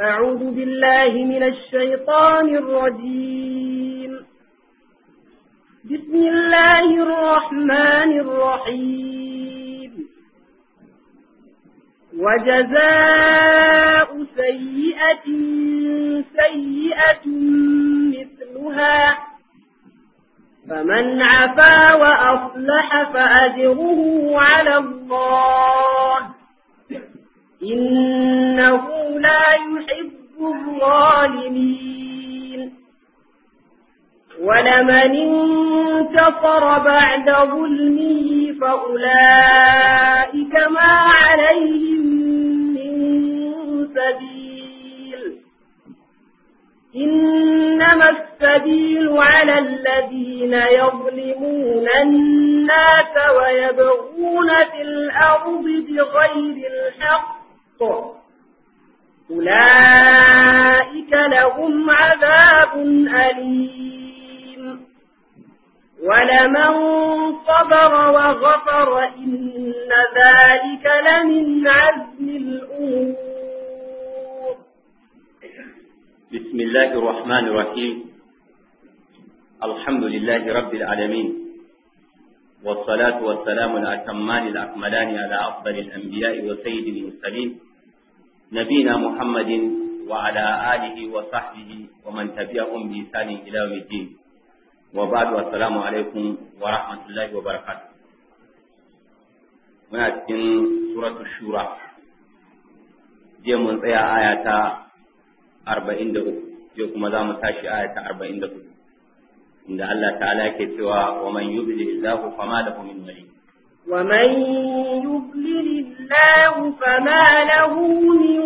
أعوذ بالله من الشيطان الرجيم بسم الله الرحمن الرحيم وجزاء سيئة سيئة مثلها فمن عفا وأصلح فأجره على الله إن يحب الظالمين ولمن انتصر بعد ظلمه فأولئك ما عليهم من سبيل إنما السبيل على الذين يظلمون الناس ويبغون في الأرض بغير الحق أولئك لهم عذاب أليم ولمن صبر وغفر إن ذلك لمن عزم الأمور بسم الله الرحمن الرحيم الحمد لله رب العالمين والصلاة والسلام الأتمان الأكملان على أفضل الأنبياء وسيد المرسلين نبينا محمد وعلى آله وصحبه ومن تبعهم بإحسان إلى يوم الدين وبعد والسلام عليكم ورحمة الله وبركاته muna cikin suratu shura je mun tsaya aya ta 43 je kuma za mu tashi aya ta 44 inda Allah ta'ala yake cewa wa man yubli illahu fama lahu min wali ومن يضلل الله فما له من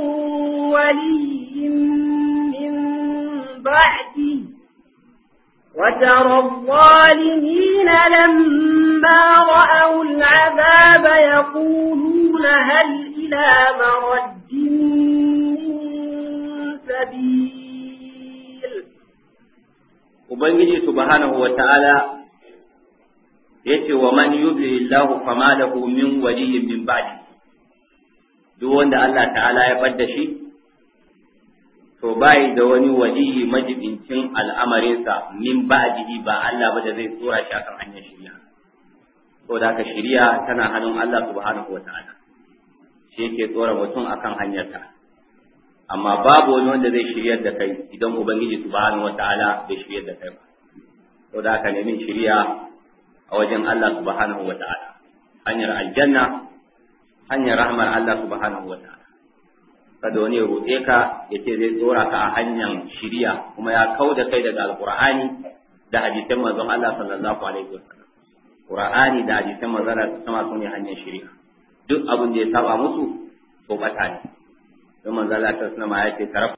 ولي من بعده وترى الظالمين لما رأوا العذاب يقولون هل إلى مرد من سبيل وبنجي سبحانه وتعالى yace wa man yudli Allahu fama lahu min waliy min ba'di duk wanda Allah ta'ala ya bar da shi to bai da wani waliyi majibincin al'amarinsa min ba'dihi ba Allah ba da zai tsora shi akan hanyar shari'a to da ka shirya tana hannun Allah subhanahu wata'ala shi yake tsora mutum akan hanyarka amma babu wani wanda zai shiryar da kai idan ubangiji subhanahu wata'ala bai shiryar da kai ba to da ka nemi shirya. a wajen Allah subhanahu wa ta'ala hanyar aljanna hanyar rahmar Allah subhanahu wa ta'ala kada wani ya roƙe ka ya ce zai tsora ka a hanyar shiriya kuma ya kau da kai daga alqur'ani da hadisin manzon Allah sallallahu alaihi wasallam qur'ani da hadisin manzon Allah sama su ne hanyar shiriya duk abin da ya saba musu ko bata ne don manzon Allah sallallahu alaihi ya ce